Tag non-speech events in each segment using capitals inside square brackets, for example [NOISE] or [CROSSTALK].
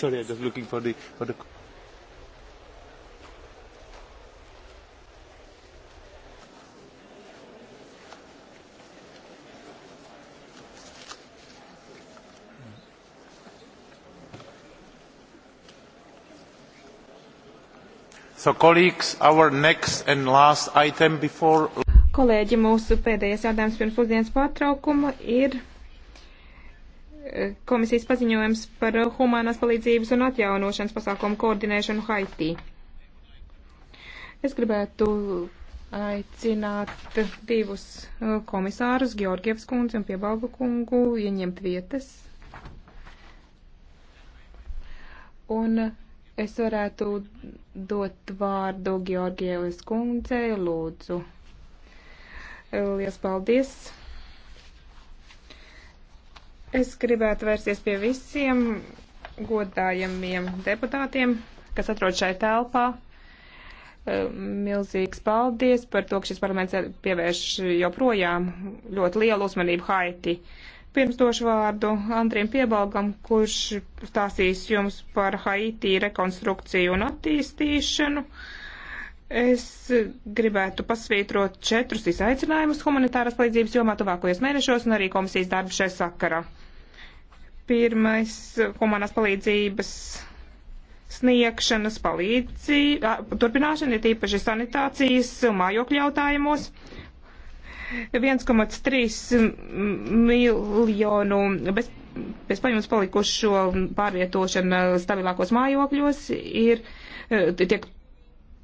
sorry, I'm just looking for the, for the So, before... Kolēģi, mūsu pēdējais jautājums pirms pusdienas pārtraukuma ir komisijas paziņojums par humānās palīdzības un atjaunošanas pasākumu koordinēšanu Haitī. Es gribētu aicināt divus uh, komisārus, Georgievs kundzi un Piebalgu kungu, ieņemt vietas. Un uh, es varētu dot vārdu Georgievs kundzei, lūdzu. Liels paldies! Es gribētu vērsties pie visiem godājamiem deputātiem, kas atrod šai telpā. E, milzīgs paldies par to, ka šis parlaments pievērš joprojām ļoti lielu uzmanību Haiti. Pirms došu vārdu Andriem Piebalgam, kurš stāstīs jums par Haiti rekonstrukciju un attīstīšanu. Es gribētu pasvītrot četrus izaicinājumus humanitāras palīdzības jomā tuvākajos mēnešos un arī komisijas darbu šai sakarā. Pirmais uh, humanās palīdzības sniegšanas palīdzība, turpināšana ir tīpaši sanitācijas mājokļu jautājumos. 1,3 miljonu bez, bezpaņemas palikušo pārvietošana stabilākos mājokļos ir uh, tiek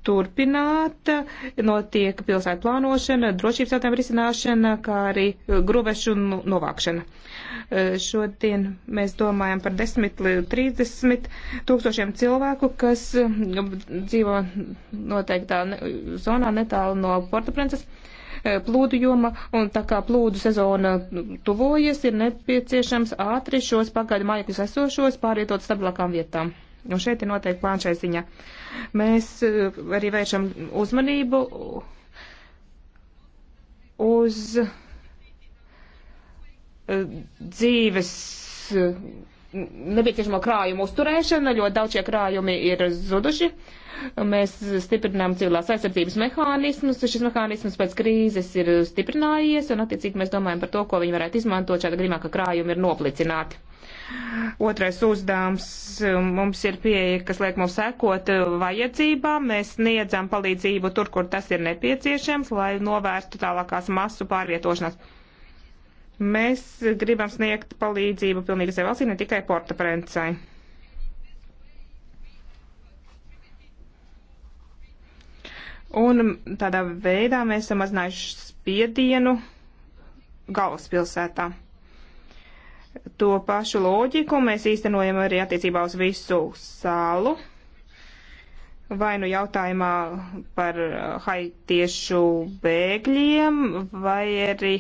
turpināta, notiek pilsētu plānošana, drošības jautājumu risināšana, kā arī grovešu novākšana. Eh, šodien mēs domājam par 10 līdz 30 tūkstošiem cilvēku, kas eh, dzīvo noteiktā zonā netālu no Portaprinces eh, plūdu joma, un tā kā plūdu sezona tuvojas, ir nepieciešams ātri šos pagaidu mājokļus esošos pārvietot stabilākām vietām. Un šeit ir noteikti plāns šai ziņā. Mēs eh, arī vēršam uzmanību uz eh, dzīves eh, nepieciešamo krājumu uzturēšana, ļoti daudz šie krājumi ir zuduši. Mēs stiprinām civilās aizsardzības mehānismus, šis mehānisms pēc krīzes ir stiprinājies, un attiecīgi mēs domājam par to, ko viņi varētu izmantot, šāda grimāka krājuma ir noplicināti. Otrais uzdevums um, mums ir pieeja, kas liek mums sekot uh, vajadzībām. Mēs sniedzam palīdzību tur, kur tas ir nepieciešams, lai novērstu tālākās masu pārvietošanās. Mēs gribam sniegt palīdzību pilnīgi sev valstī, ne tikai Porta Prencai. Un tādā veidā mēs samazinājuši spiedienu galvaspilsētā to pašu loģiku mēs īstenojam arī attiecībā uz visu salu. Vai nu jautājumā par uh, haitiešu bēgļiem, vai arī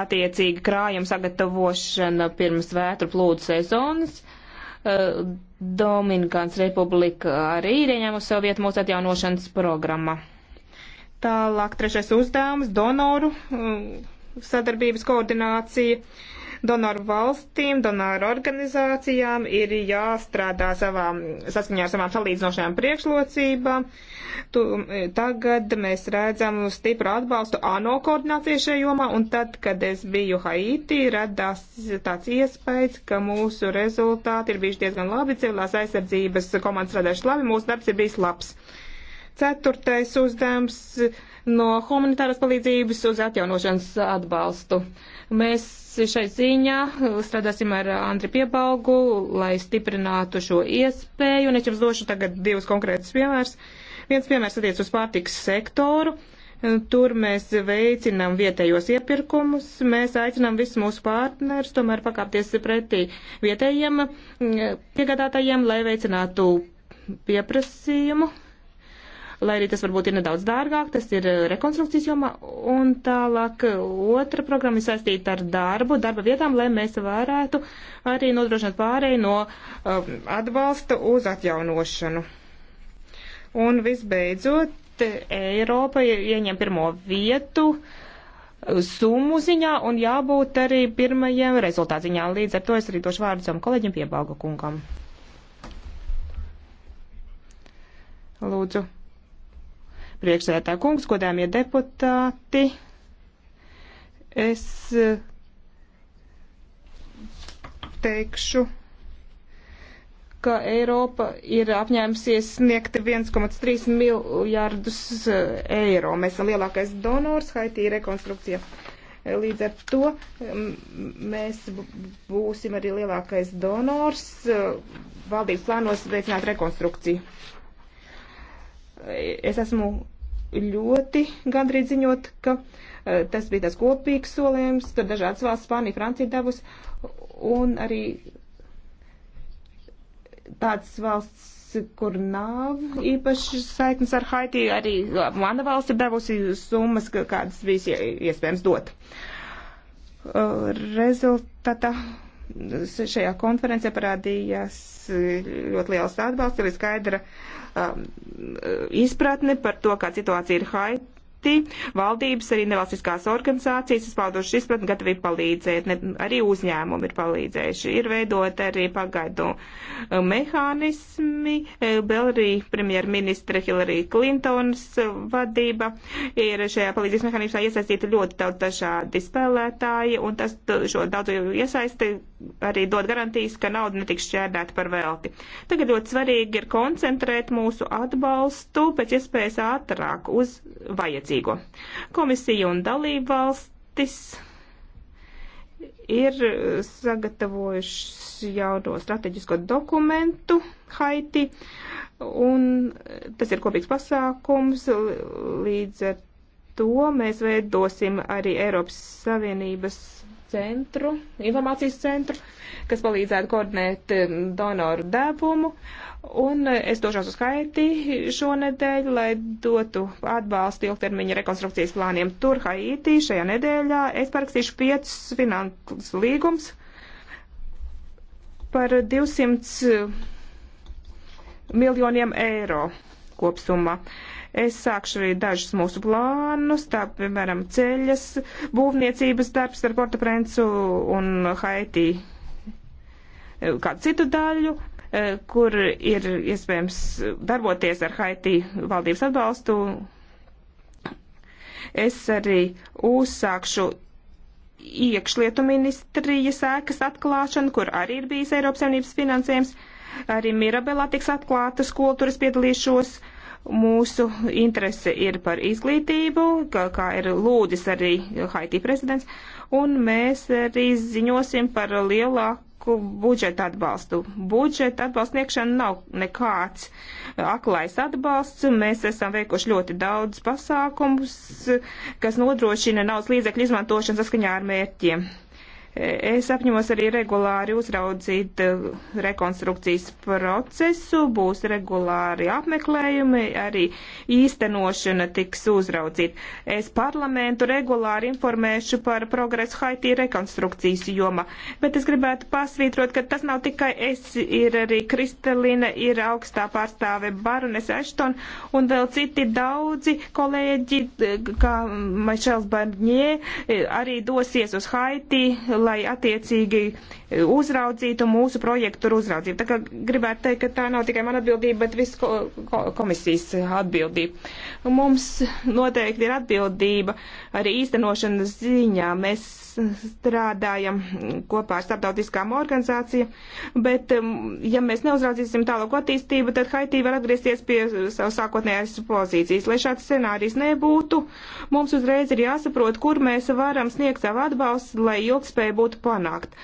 attiecīgi krājuma sagatavošana pirms vētru plūdu sezonas. Uh, Dominikāns Republika arī ir ieņēmusi savu vietu mūsu atjaunošanas programmā. Tālāk trešais uzdevums - donoru uh, sadarbības koordinācija. Uh, Donoru valstīm, donoru organizācijām ir jāstrādā savām, saskaņā ar savām salīdzinošajām priekšlocībām. Tu, tagad mēs redzam stipru atbalstu ANO koordinācijai šajā jomā, un tad, kad es biju Haiti, radās tāds iespējas, ka mūsu rezultāti ir bijuši diezgan labi, civilās aizsardzības komandas strādājuši labi, mūsu darbs ir bijis labs. Ceturtais uzdevums no humanitāras palīdzības uz atjaunošanas atbalstu. Mēs šai ziņā strādāsim ar Andri Piebalgu, lai stiprinātu šo iespēju, un es jums došu tagad divus konkrētus piemērus. Viens piemērs attiec uz pārtiks sektoru. Tur mēs veicinām vietējos iepirkumus, mēs aicinām visus mūsu partnerus tomēr pakāpties pretī vietējiem mm, piegādātājiem, lai veicinātu pieprasījumu lai arī tas varbūt ir nedaudz dārgāk, tas ir eh, rekonstrukcijas jomā. Un tālāk eh, otra programma ir saistīta ar darbu, darba vietām, lai mēs varētu arī nodrošināt pārēju no um, atbalsta uz atjaunošanu. Un visbeidzot, Eiropa ieņem pirmo vietu summu ziņā un jābūt arī pirmajiem rezultātziņā. Līdz ar to es arī došu vārdu savam kolēģim piebalga kungam. Lūdzu priekšsēdētā kungs, godāmie deputāti. Es eh, teikšu, ka Eiropa ir apņēmusies sniegt 1,3 miljārdus eh, eiro. Mēs esam lielākais donors Haitī rekonstrukcija. Līdz ar to mēs būsim arī lielākais donors eh, valdības plānos veicināt rekonstrukciju es esmu ļoti gandrīz ziņot, ka eh, tas bija tas kopīgs solījums, tur dažādas valsts Spānija, Francija devus, un arī tāds valsts, kur nav īpašas saiknes ar Haiti, arī mana valsts ir devusi summas, kādas bija iespējams dot. Eh, rezultātā šajā konferencē parādījās ļoti liels atbalsts, ir skaidra uh, um, izpratni par to, kā situācija ir Haiti citi valdības, arī nevalstiskās organizācijas, es pauduši izpratni, gatavi palīdzēt, ne, arī uzņēmumi ir palīdzējuši. Ir veidot arī pagaidu uh, mehānismi, uh, vēl arī premjerministra Hillary Clintons uh, vadība ir šajā palīdzības mehānismā iesaistīta ļoti daudz dažādi spēlētāji, un tas šo daudzu iesaisti arī dod garantijas, ka nauda netiks šķērdēta par velti. Tagad ļoti svarīgi ir koncentrēt mūsu atbalstu pēc iespējas ātrāk uz vajadzīgo. Komisija un dalība valstis ir sagatavojuši jauno strateģisko dokumentu Haiti, un tas ir kopīgs pasākums, līdz ar to mēs veidosim arī Eiropas Savienības centru, informācijas centru, kas palīdzētu koordinēt um, donoru devumu. Un uh, es došos uz Haiti šonedēļ, lai dotu atbalstu ilgtermiņa rekonstrukcijas plāniem. Tur Haiti šajā nedēļā es parakstīšu piecus finanses līgums par 200 uh, miljoniem eiro kopsumma. Uh, Es sākšu arī dažus mūsu plānus, tā piemēram ceļas būvniecības darbs ar Porta Prencu un Haiti eh, kādu citu daļu, eh, kur ir iespējams darboties ar Haiti valdības atbalstu. Es arī uzsākšu iekšlietu ministrijas ēkas atklāšanu, kur arī ir bijis Eiropas Savienības finansējums. Arī Mirabelā tiks atklātas kultūras piedalīšos. Uh, Mūsu interese ir par izglītību, kā, kā ir lūdis arī Haiti prezidents, un mēs arī ziņosim par lielāku budžeta atbalstu. Budžeta atbalstniekšana nav nekāds aklais atbalsts. Mēs esam veikuši ļoti daudz pasākumus, kas nodrošina naudas līdzekļu izmantošanu saskaņā ar mērķiem. Es apņemos arī regulāri uzraudzīt eh, rekonstrukcijas procesu, būs regulāri apmeklējumi, arī īstenošana tiks uzraudzīta. Es parlamentu regulāri informēšu par progresu Haitī rekonstrukcijas joma, bet es gribētu pasvītrot, ka tas nav tikai es, ir arī Kristalina, ir augstā pārstāve Barones Ešton un vēl citi daudzi kolēģi, eh, kā Maišels Barņē, eh, arī dosies uz Haitī lai attiecīgi uzraudzītu mūsu projektu uzraudzību. Tā kā gribētu teikt, ka tā nav tikai mana atbildība, bet visu ko, ko, komisijas atbildība. Mums noteikti ir atbildība arī īstenošanas ziņā. Mēs strādājam kopā ar starptautiskām organizācijām, bet um, ja mēs neuzraudzīsim tālāko attīstību, tad Haitī var atgriezties pie savas sākotnējās pozīcijas. Lai šāds scenārijs nebūtu, mums uzreiz ir jāsaprot, kur mēs varam sniegt savu atbalstu, lai ilgspēja būtu panākt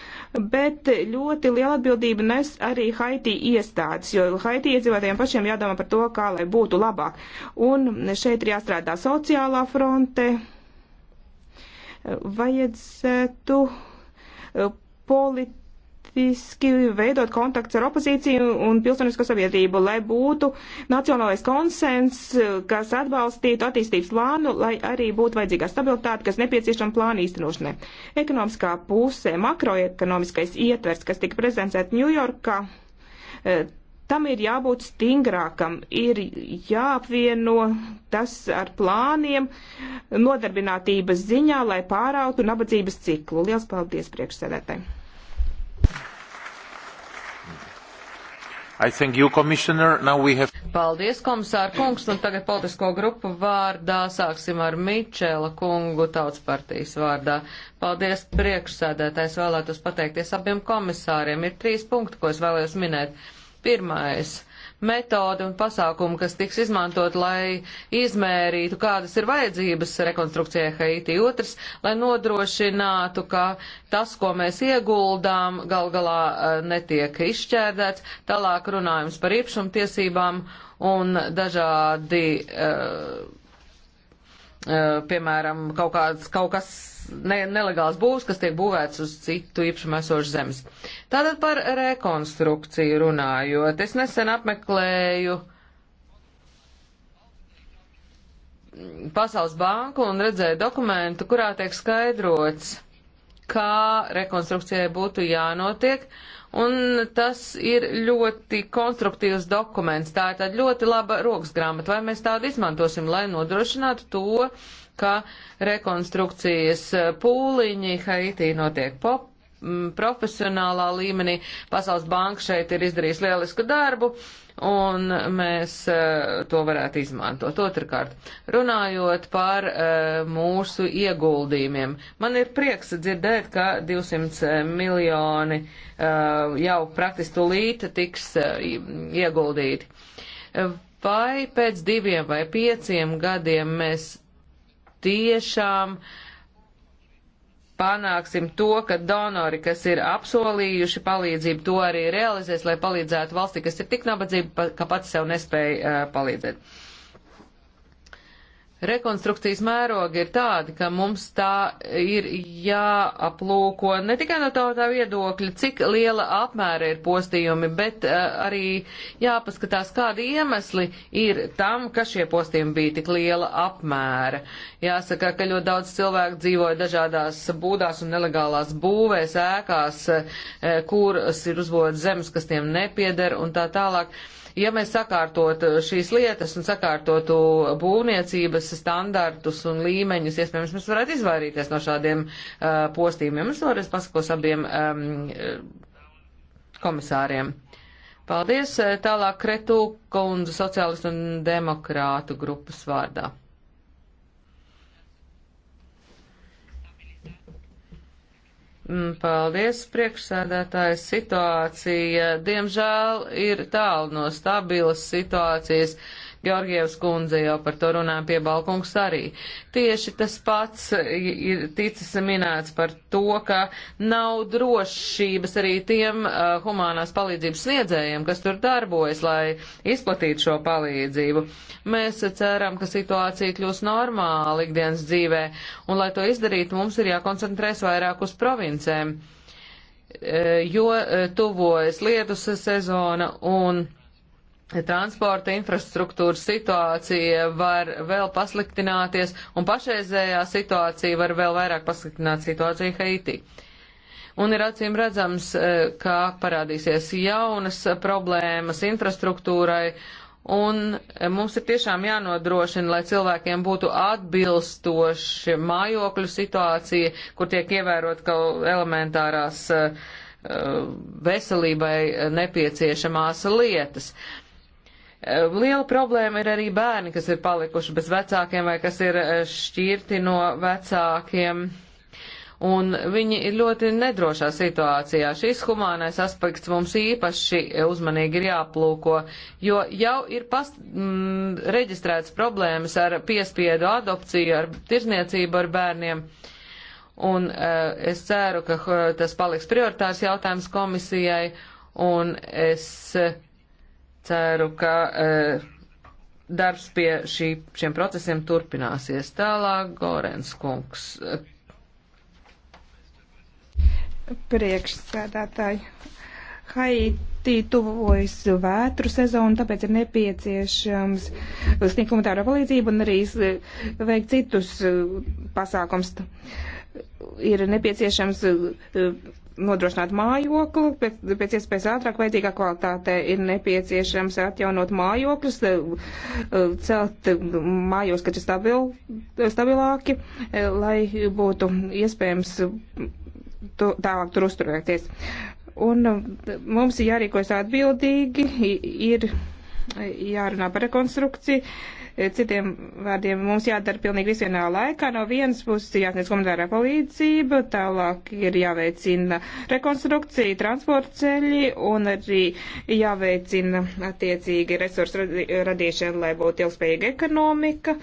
bet ļoti liela atbildība nes arī Haiti iestādes, jo Haiti iedzīvotājiem pašiem jādomā par to, kā lai būtu labāk. Un šeit ir jāstrādā sociālā fronte, vajadzētu eh, politika faktiski veidot kontakts ar opozīciju un pilsonisko sabiedrību, lai būtu nacionālais konsens, kas atbalstītu attīstības plānu, lai arī būtu vajadzīgā stabilitāte, kas nepieciešama plāna īstenošanai. Ekonomiskā pusē makroekonomiskais ietvers, kas tika prezentēts Ņujorkā, eh, tam ir jābūt stingrākam, ir jāapvieno tas ar plāniem nodarbinātības ziņā, lai pārautu nabadzības ciklu. Lielas paldies priekšsēdētājiem! You, have... Paldies, komisāra kungs, un tagad politisko grupu vārdā sāksim ar Mičela kungu tautas partijas vārdā. Paldies, priekšsēdētājs, vēlētos pateikties abiem komisāriem. Ir trīs punkti, ko es vēlējos minēt. Pirmais metodi un pasākumi, kas tiks izmantot, lai izmērītu, kādas ir vajadzības rekonstrukcijai Haiti. Otrs, lai nodrošinātu, ka tas, ko mēs ieguldām, gal galā eh, netiek izšķērdēts. Tālāk runājums par īpašumtiesībām un dažādi. Uh, piemēram, kaut, kāds, kaut kas ne, nelegāls būvs, kas tiek būvēts uz citu īpašumu esošu zemes. Tātad par rekonstrukciju runājot, es nesen apmeklēju Pasaules banku un redzēju dokumentu, kurā tiek skaidrots, kā rekonstrukcijai būtu jānotiek. Uh, Un tas ir ļoti konstruktīvs dokuments. Tā ir tāda ļoti laba rokas grāmata. Vai mēs tādu izmantosim, lai nodrošinātu to, ka rekonstrukcijas e, pūliņi Haitī notiek pop, profesionālā līmenī. Pasaules banka šeit ir izdarījis lielisku darbu. Uh, un mēs eh, to varētu izmantot. Otrakārt, runājot par eh, mūsu ieguldījumiem, man ir prieks dzirdēt, ka 200 eh, miljoni jau praktiski tūlīt tiks ieguldīti. Vai pēc diviem vai pieciem gadiem mēs tiešām uh, panāksim to, ka donori, kas ir apsolījuši palīdzību, to arī realizēs, lai palīdzētu valstī, kas ir tik nabadzība, ka pats sev nespēja eh, palīdzēt rekonstrukcijas mērogi ir tādi, ka mums tā ir jāaplūko ne tikai no tā, tā viedokļa, cik liela apmēra ir postījumi, bet uh, arī jāpaskatās, kādi iemesli ir tam, ka šie postījumi bija tik liela apmēra. Jāsaka, ka ļoti daudz cilvēku dzīvoja dažādās būdās un nelegālās būvēs, ēkās, uh, kuras ir uzbūvēts zemes, kas tiem nepieder un tā tālāk. Uh, Ja mēs sakārtot uh, šīs lietas un sakārtotu uh, būvniecības standartus un līmeņus, iespējams, mēs varētu izvairīties no šādiem uh, postījumiem. Es vēlreiz pasakos abiem um, uh, komisāriem. Paldies. Tālāk Kretu kundze sociālistu un demokrātu grupas vārdā. Mm, paldies, priekšsēdētājs. Situācija, diemžēl, ir tālu no stabilas situācijas Georgievs kundze jau par to runāja pie Balkungs arī. Tieši tas pats ir ticis minēts par to, ka nav drošības arī tiem uh, humanās palīdzības sniedzējiem, kas tur darbojas, lai izplatītu šo palīdzību. Mēs ceram, ka situācija kļūs normāla ikdienas dzīvē, un lai to izdarītu, mums ir jākoncentrēs vairāk uz provincēm uh, jo uh, tuvojas lietus sezona un transporta infrastruktūras situācija var vēl pasliktināties, un pašreizējā situācija var vēl vairāk pasliktināt situāciju Haitī. Un ir acīm redzams, e, ka parādīsies jaunas problēmas infrastruktūrai, un mums ir tiešām jānodrošina, lai cilvēkiem būtu atbilstoši mājokļu situācija, kur tiek ievērot kaut elementārās e, e, veselībai nepieciešamās lietas. Uh, Eh, liela problēma ir arī bērni, kas ir palikuši bez vecākiem vai kas ir eh, šķirti no vecākiem. Un viņi ir ļoti nedrošā situācijā. Šis humānais aspekts mums īpaši uzmanīgi ir jāplūko, jo jau ir past, m, mm, reģistrēts problēmas ar piespiedu adopciju, ar tirzniecību ar bērniem. Un uh, es ceru, ka uh, tas paliks prioritārs jautājums komisijai, un es uh, ceru, ka eh, darbs pie šī, šiem procesiem turpināsies tālāk. Gorens kungs. Priekšsēdētāji. Haiti tuvojas vētru sezonu, tāpēc ir nepieciešams sniegt humanitāro palīdzību un arī eh, veikt citus eh, pasākums. Ir nepieciešams nodrošināt mājokli, pēc, pēc iespējas ātrāk, vajadzīgā kvalitātē ir nepieciešams atjaunot mājokļus, eh, eh, celt mājos, kad ir stabil, stabilāki, eh, lai būtu iespējams tu, tālāk tur uzturēties. Un mums ir jārīkojas atbildīgi, ir jārunā par rekonstrukciju, Eh, citiem vārdiem mums jādara pilnīgi viss vienā laikā. No vienas puses jāsniedz komunitārā palīdzība, tālāk ir jāveicina rekonstrukcija, transporta ceļi un arī jāveicina attiecīgi resursu radīšana, lai būtu ilgspējīga ekonomika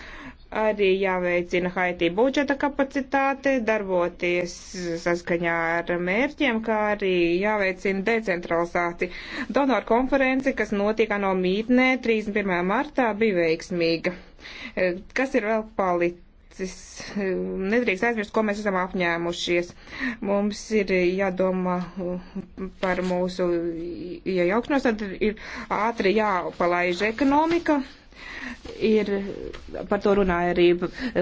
arī jāveicina Haitī budžeta kapacitāte, darboties saskaņā ar mērķiem, kā arī jāveicina decentralizācija. Donoru konference, kas notika no mītnē 31. martā, bija veiksmīga. E, kas ir vēl palicis? palicis. E, nedrīkst aizmirst, ko mēs esam apņēmušies. Mums ir jādomā par mūsu iejaukšanos, ja tad ir ātri jāpalaiž ekonomika ir, par to runāja arī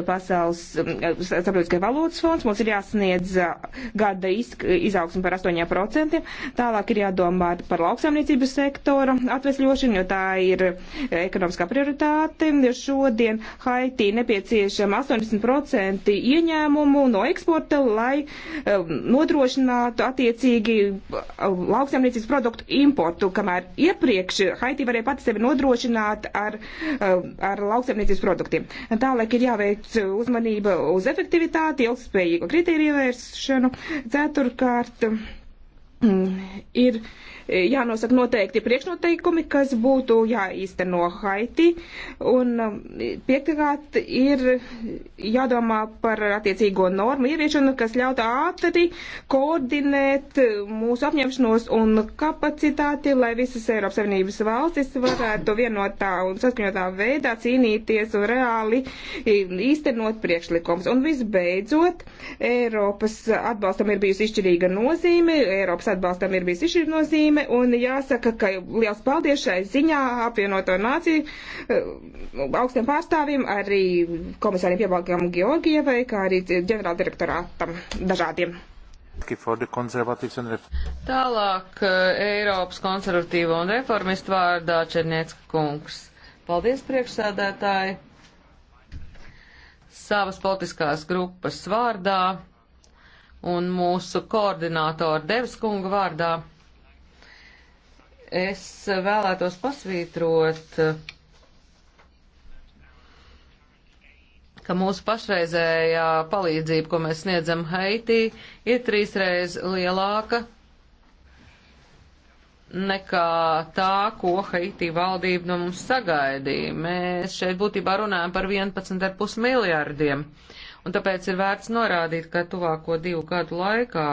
Pasaules um, saprotiskais valūtas fonds, mums ir jāsniedz uh, gada iz, izaugsme par 8%, tālāk ir jādomā par lauksaimniecības sektoru atvesļošanu, jo tā ir ekonomiskā prioritāte. Šodien Haitī nepieciešama 80% ieņēmumu no eksporta, lai um, nodrošinātu attiecīgi uh, lauksaimniecības produktu importu, kamēr iepriekš Haitī varēja pati sevi nodrošināt ar uh, Eh, ar lauksaimniecības produktiem. Tālāk ir jāveic uzmanība uz efektivitāti, ilgspējīgu kritēriju ievēršanu. Ceturkārt mm, ir jānosaka noteikti priekšnoteikumi, kas būtu jāīsteno Haiti, un um, piektkārt ir jādomā par attiecīgo normu ieviešanu, kas ļautu ātri koordinēt mūsu apņemšanos un kapacitāti, lai visas Eiropas Savienības valstis varētu vienotā un saskaņotā veidā cīnīties un reāli īstenot priekšlikums. Un visbeidzot, Eiropas atbalstam ir bijusi izšķirīga nozīme, Eiropas atbalstam ir bijusi izšķirīga nozīme, padome, un jāsaka, ka liels paldies šai ziņā apvienoto nāciju eh, nu, augstiem pārstāvim, arī komisāriem piebalgam Georgievai, kā arī ģenerāldirektorātam dažādiem. Tālāk eh, Eiropas konservatīvo un reformistu vārdā Černiecka kungs. Paldies, priekšsēdētāji! Savas politiskās grupas vārdā un mūsu koordinātora Devskunga vārdā Es vēlētos pasvītrot, ka mūsu pašreizējā palīdzība, ko mēs sniedzam Haitī, ir trīsreiz lielāka nekā tā, ko Haitī valdība no mums sagaidīja. Mēs šeit būtībā runājam par 11,5 miljārdiem, un tāpēc ir vērts norādīt, ka tuvāko divu gadu laikā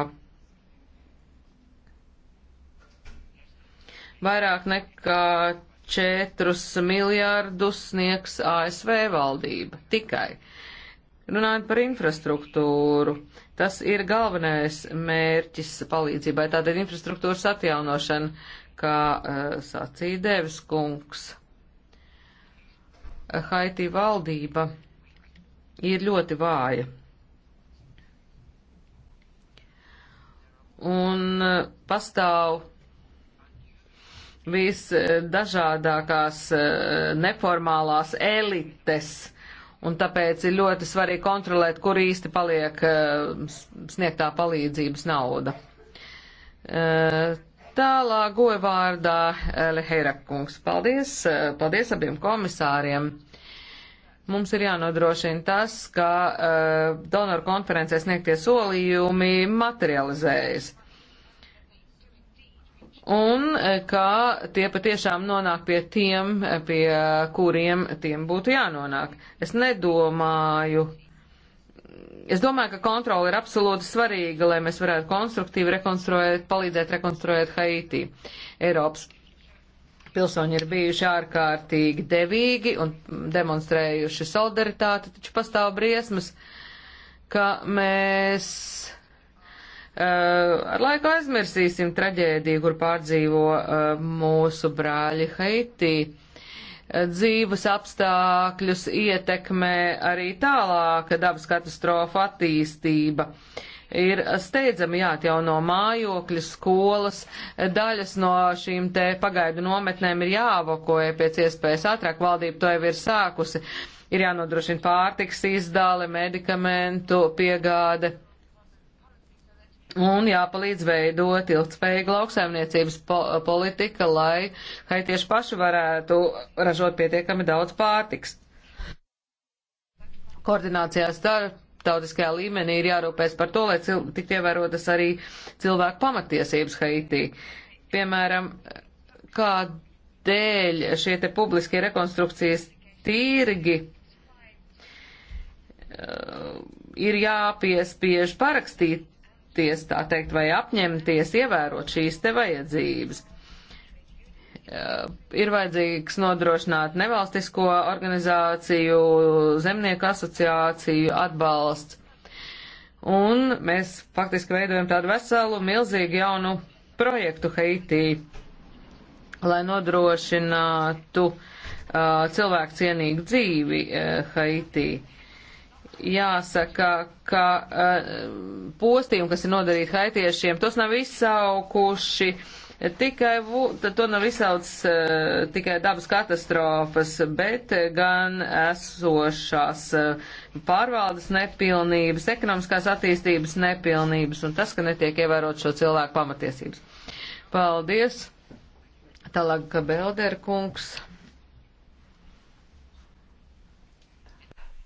vairāk nekā 4 miljārdus sniegs ASV valdība tikai. Runājot par infrastruktūru, tas ir galvenais mērķis palīdzībai, tātad infrastruktūras atjaunošana, kā uh, sacīja Devis kungs. Haiti valdība ir ļoti vāja. Un uh, pastāv visdažādākās eh, neformālās elites, un tāpēc ir ļoti svarīgi kontrolēt, kur īsti paliek eh, sniegtā palīdzības nauda. Eh, tālāk goja vārdā Leheira kungs. Paldies, paldies abiem komisāriem. Mums ir jānodrošina tas, ka uh, donoru konferencē sniegtie solījumi materializējas. Uh, un e, ka tie patiešām nonāk pie tiem, e, pie kuriem tiem būtu jānonāk. Es nedomāju. Es domāju, ka kontrola ir absolūti svarīga, lai mēs varētu konstruktīvi rekonstruēt, palīdzēt rekonstruēt Haiti. Eiropas pilsoņi ir bijuši ārkārtīgi devīgi un demonstrējuši solidaritāti, taču pastāv briesmas, ka mēs Eh, ar laiku aizmirsīsim traģēdiju, kur pārdzīvo eh, mūsu brāļi Haitī. Eh, dzīves apstākļus ietekmē arī tālāka dabas katastrofa attīstība. Ir steidzami jāatjauno mājokļi, skolas, daļas no šīm te pagaidu nometnēm ir jāavokoja pēc iespējas ātrāk, valdība to jau ir sākusi. Ir jānodrošina pārtiks izdāle, medikamentu piegāde un jāpalīdz veidot ilgspējīgu lauksaimniecības po politika, lai haitieši paši varētu ražot pietiekami daudz pārtiks. Koordinācijā starptautiskajā līmenī ir jārūpēs par to, lai tik ievērotas arī cilvēku pamatiesības Haitī. Piemēram, kādēļ šie te publiskie rekonstrukcijas tirgi uh, ir jāpiespiež parakstīt uzņemties, tā teikt, vai apņemties ievērot šīs te vajadzības. Ir vajadzīgs nodrošināt nevalstisko organizāciju, zemnieku asociāciju atbalsts. Un mēs faktiski veidojam tādu veselu, milzīgu jaunu projektu Haitī, lai nodrošinātu uh, cilvēku cienīgu dzīvi uh, Haitī. Uh, jāsaka, ka uh, postījumi, kas ir nodarīti haitiešiem, tos nav izsaukuši tikai, to nav izsaucis uh, tikai dabas katastrofas, bet gan esošās uh, pārvaldes nepilnības, ekonomiskās attīstības nepilnības un tas, ka netiek ievērot šo cilvēku pamatiesības. Paldies! Tālāk, Belderkungs. kungs.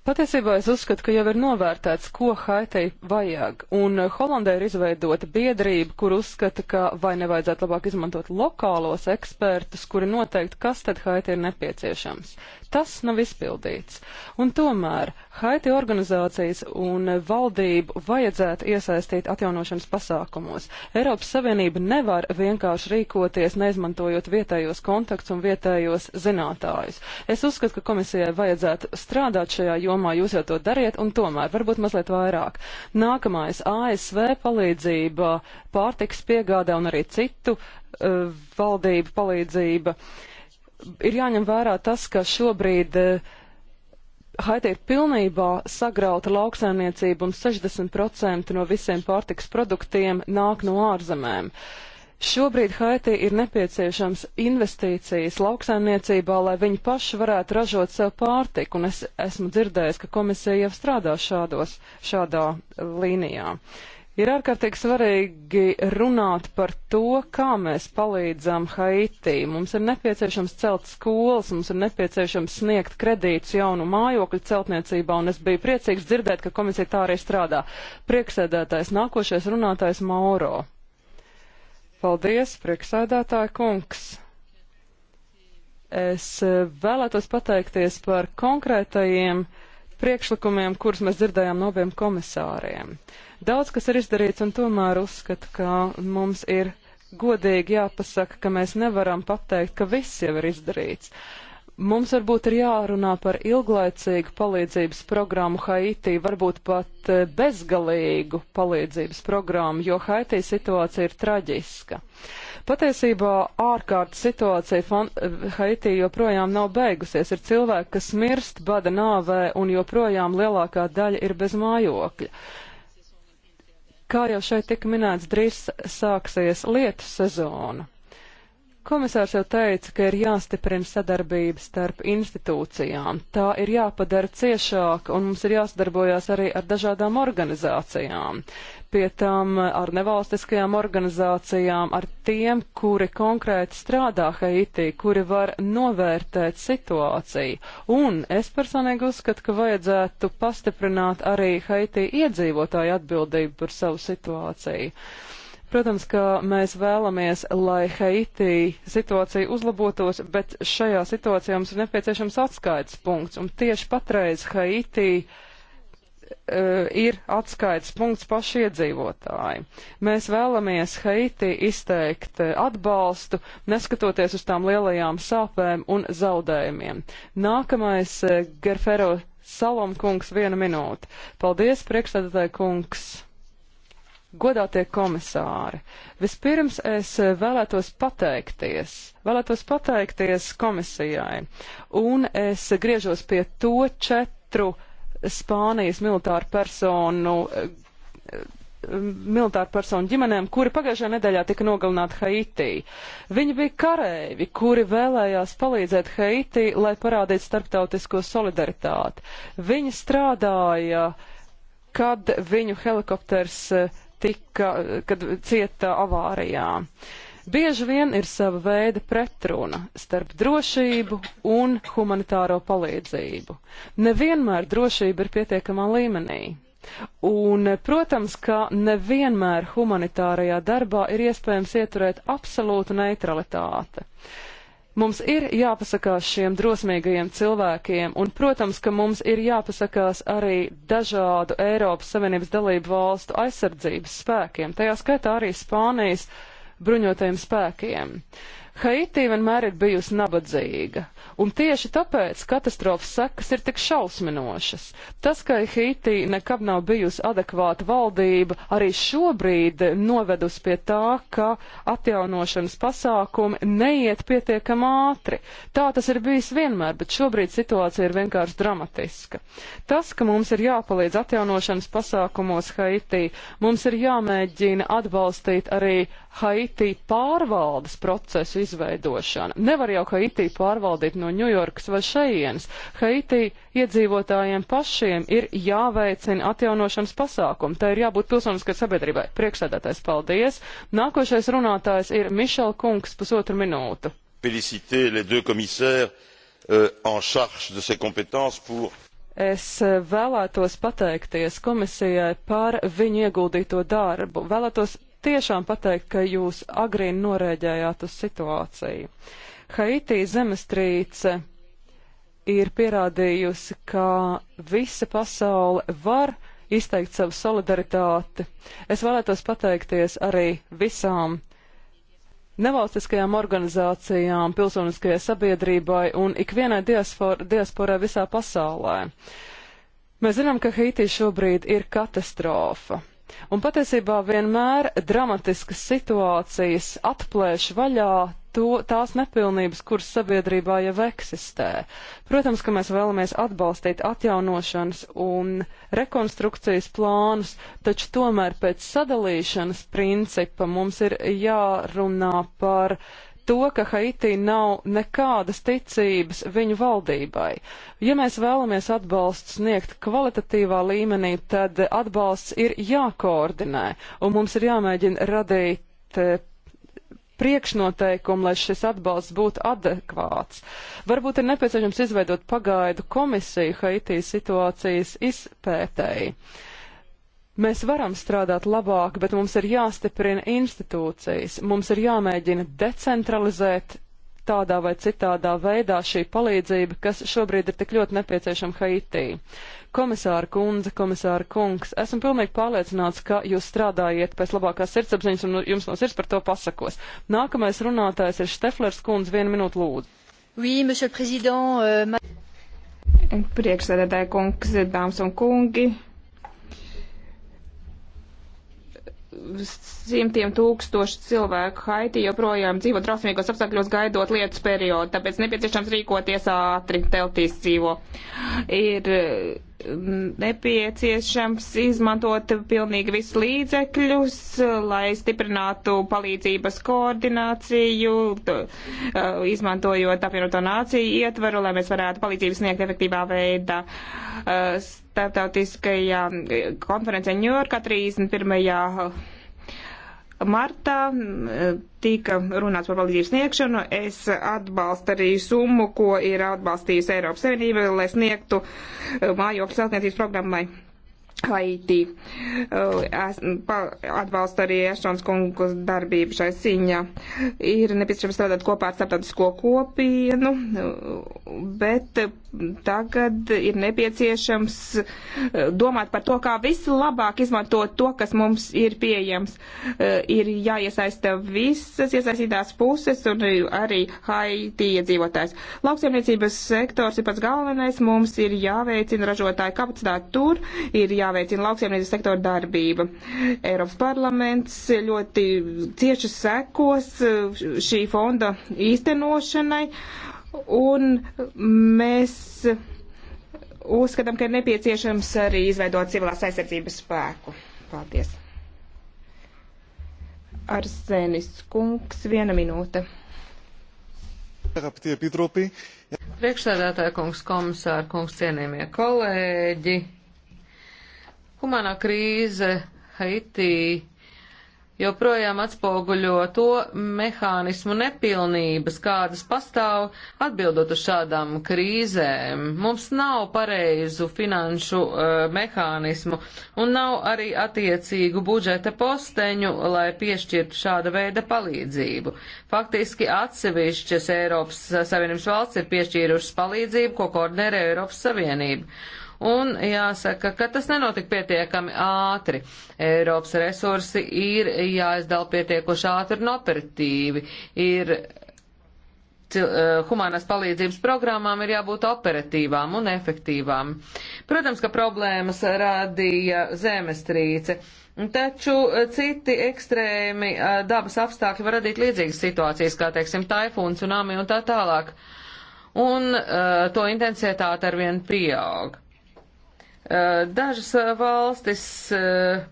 Patiesībā es uzskatu, ka jau ir novērtēts, ko Haitei vajag, un eh, Holandē ir izveidota biedrība, kur uzskata, ka vai nevajadzētu labāk izmantot lokālos ekspertus, kuri noteikti, kas tad Haitei ir nepieciešams. Tas nav izpildīts. Un tomēr Haiti organizācijas un valdību vajadzētu iesaistīt atjaunošanas pasākumos. Eiropas Savienība nevar vienkārši rīkoties, neizmantojot vietējos kontaktus un vietējos zinātājus. Es uzskatu, ka komisijai vajadzētu strādāt šajā jomā jomā jūs jau to dariet, un tomēr varbūt mazliet vairāk. Nākamais ASV palīdzība pārtiks piegādē un arī citu uh, valdību palīdzība. Ir jāņem vērā tas, ka šobrīd uh, Haiti ir pilnībā sagrauta lauksaimniecība un 60% no visiem pārtiks produktiem nāk no ārzemēm. Uh, Šobrīd Haitī ir nepieciešams investīcijas lauksaimniecībā, lai viņi paši varētu ražot sev pārtiku, un es esmu dzirdējis, ka komisija jau strādā šādos, šādā eh, līnijā. Ir ārkārtīgi svarīgi runāt par to, kā mēs palīdzam Haitī. Mums ir nepieciešams celt skolas, mums ir nepieciešams sniegt kredītus jaunu mājokļu celtniecībā, un es biju priecīgs dzirdēt, ka komisija tā arī strādā. Prieksēdētājs nākošais runātājs Mauro. Paldies, prieksēdētāja kungs! Es eh, vēlētos pateikties par konkrētajiem priekšlikumiem, kurus mēs dzirdējām no abiem komisāriem. Daudz kas ir izdarīts, un tomēr uzskatu, ka mums ir godīgi jāpasaka, ka mēs nevaram pateikt, ka viss jau ir izdarīts. Mums varbūt ir jārunā par ilglaicīgu palīdzības programmu Haitī, varbūt pat eh, bezgalīgu palīdzības programmu, jo Haitī situācija ir traģiska. Patiesībā ārkārtas situācija eh, Haitī joprojām nav beigusies. Ir cilvēki, kas mirst bada nāvē un joprojām lielākā daļa ir bez mājokļa. Kā jau šeit tika minēts, drīz sāksies lietu sezona. Komisārs jau teica, ka ir jāstiprina sadarbība starp institūcijām. Tā ir jāpadara ciešāka un mums ir jāsadarbojās arī ar dažādām organizācijām. Pie tam ar nevalstiskajām organizācijām, ar tiem, kuri konkrēti strādā Haitī, kuri var novērtēt situāciju. Un es personīgi uzskatu, ka vajadzētu pastiprināt arī Haitī iedzīvotāju atbildību par savu situāciju. Protams, ka mēs vēlamies, lai Haitī situācija uzlabotos, bet šajā situācijā mums ir nepieciešams atskaites punkts, un tieši patreiz Haitī uh, e, ir atskaites punkts paši iedzīvotāji. Mēs vēlamies Haiti izteikt e, atbalstu, neskatoties uz tām lielajām sāpēm un zaudējumiem. Nākamais uh, Gerfero Salomkungs viena minūte. Paldies, priekšstādātāji kungs! Godātie komisāri, vispirms es eh, vēlētos pateikties, vēlētos pateikties komisijai, un es griežos pie to četru Spānijas militāru personu, eh, eh, militāru personu ģimenēm, kuri pagājušajā nedēļā tika nogalināti Haitī. Viņi bija kareivi, kuri vēlējās palīdzēt Haitī, lai parādītu starptautisko solidaritāti. Viņi strādāja, kad viņu helikopters tika, kad cieta avārijā. Bieži vien ir sava veida pretruna starp drošību un humanitāro palīdzību. Nevienmēr drošība ir pietiekamā līmenī. Un, protams, ka nevienmēr humanitārajā darbā ir iespējams ieturēt absolūtu neutralitāti. Uh, Mums ir jāpasakās šiem drosmīgajiem cilvēkiem, un, protams, ka mums ir jāpasakās arī dažādu Eiropas Savienības dalību valstu aizsardzības spēkiem, tajā skaitā arī Spānijas bruņotajiem spēkiem. Haiti vienmēr ir bijusi nabadzīga, un tieši tāpēc katastrofas sekas ir tik šausminošas. Tas, ka Haiti nekad nav bijusi adekvāta valdība, arī šobrīd novedus pie tā, ka atjaunošanas pasākumi neiet pietiekam ātri. Tā tas ir bijis vienmēr, bet šobrīd situācija ir vienkārši dramatiska. Tas, ka mums ir jāpalīdz atjaunošanas pasākumos Haiti, mums ir jāmēģina atbalstīt arī Haiti pārvaldes procesu, izveidošana. Nevar jau Haiti pārvaldīt no Ņujorkas vai šejienes. Haiti iedzīvotājiem pašiem ir jāveicina atjaunošanas pasākumi. Tā ir jābūt pilsoniskai sabiedrībai. Priekšsēdētājs, paldies. Nākošais runātājs ir Mišel Kungs, pusotru minūtu. Féliciter les deux commissaires euh, en charge de ces compétences pour Es vēlētos pateikties komisijai par viņu ieguldīto darbu. Vēlētos tiešām pateikt, ka jūs agrīn norēģējāt uz situāciju. Haitī zemestrīce ir pierādījusi, ka visa pasaule var izteikt savu solidaritāti. Es vēlētos pateikties arī visām nevalstiskajām organizācijām, pilsoniskajai sabiedrībai un ikvienai diasporai diaspor, visā pasaulē. Mēs zinām, ka Haitī šobrīd ir katastrofa. Un patiesībā vienmēr dramatiskas situācijas atplēš vaļā to, tās nepilnības, kuras sabiedrībā jau eksistē. Protams, ka mēs vēlamies atbalstīt atjaunošanas un rekonstrukcijas plānus, taču tomēr pēc sadalīšanas principa mums ir jārunā par uh, to, ka Haitī nav nekādas ticības viņu valdībai. Ja mēs vēlamies atbalstu sniegt kvalitatīvā līmenī, tad atbalsts ir jākoordinē, un mums ir jāmēģina radīt eh, priekšnoteikumu, lai šis atbalsts būtu adekvāts. Varbūt ir nepieciešams izveidot pagaidu komisiju Haitī situācijas izpētēji. Uh, Mēs varam strādāt labāk, bet mums ir jāstiprina institūcijas, mums ir jāmēģina decentralizēt tādā vai citādā veidā šī palīdzība, kas šobrīd ir tik ļoti nepieciešama Haitī. Komisāra kundze, komisāra kungs, esmu pilnīgi pārliecināts, ka jūs strādājiet pēc labākās sirdsapziņas un jums no sirds par to pasakos. Nākamais runātājs ir Šteflers kundze, vienu minūtu lūdzu. Oui, monsieur le président. Euh, ma... Priekšsēdētāji kungs, dāmas un kungi, simtiem tūkstoši cilvēku Haiti joprojām dzīvo drausmīgos apstākļos gaidot lietas periodu, tāpēc nepieciešams rīkoties ātri, teltīs dzīvo. Ir nepieciešams izmantot pilnīgi visus līdzekļus, lai stiprinātu palīdzības koordināciju, izmantojot apvienoto nāciju ietvaru, lai mēs varētu palīdzību sniegt efektīvā veidā. Startautiskajā konferencē Ņujorkā 31 martā tika runāts par palīdzību sniegšanu. Es atbalstu arī summu, ko ir atbalstījusi Eiropas Savienība, lai sniegtu eh, mājokļu celtniecības programmai. Haiti. Atbalsta arī Ešons kungus darbību šai ziņā. Ir nepieciešams strādāt kopā ar starptautisko kopienu, bet tagad ir nepieciešams eh, domāt par to, kā vislabāk izmantot to, kas mums ir pieejams. Eh, ir jāiesaista visas iesaistītās puses un arī Haiti iedzīvotājs. Lauksaimniecības sektors ir pats galvenais. Mums ir jāveicina ražotāju kapacitāti tur, ir jā jāveicina lauksiemniecības sektora darbība. Eiropas parlaments ļoti cieši sekos uh, šī fonda īstenošanai, un mēs uzskatām, ka ir nepieciešams arī izveidot civilās aizsardzības spēku. Paldies. Arsenis Kungs, viena minūte. Priekšsēdētāja kungs, komisāra kungs, cienījamie kolēģi. Humanā krīze Haitī joprojām atspoguļo to mehānismu nepilnības, kādas pastāv atbildot uz šādām krīzēm. Mums nav pareizu finanšu uh, mehānismu un nav arī attiecīgu budžeta posteņu, lai piešķirtu šāda veida palīdzību. Faktiski atsevišķas Eiropas Savienības valsts ir piešķīrušas palīdzību, ko koordinē Eiropas Savienība un jāsaka, ka tas nenotika pietiekami ātri. Eiropas resursi ir jāizdala pietiekoši ātri un operatīvi. Ir eh, humanās palīdzības programmām ir jābūt operatīvām un efektīvām. Protams, ka problēmas radīja zemestrīce. Taču citi ekstrēmi eh, dabas apstākļi var radīt līdzīgas situācijas, kā teiksim taifūns, tsunami un tā tālāk. Un uh, to intensitāte arvien pieaug. Uh, Eh, dažas eh, valstis eh,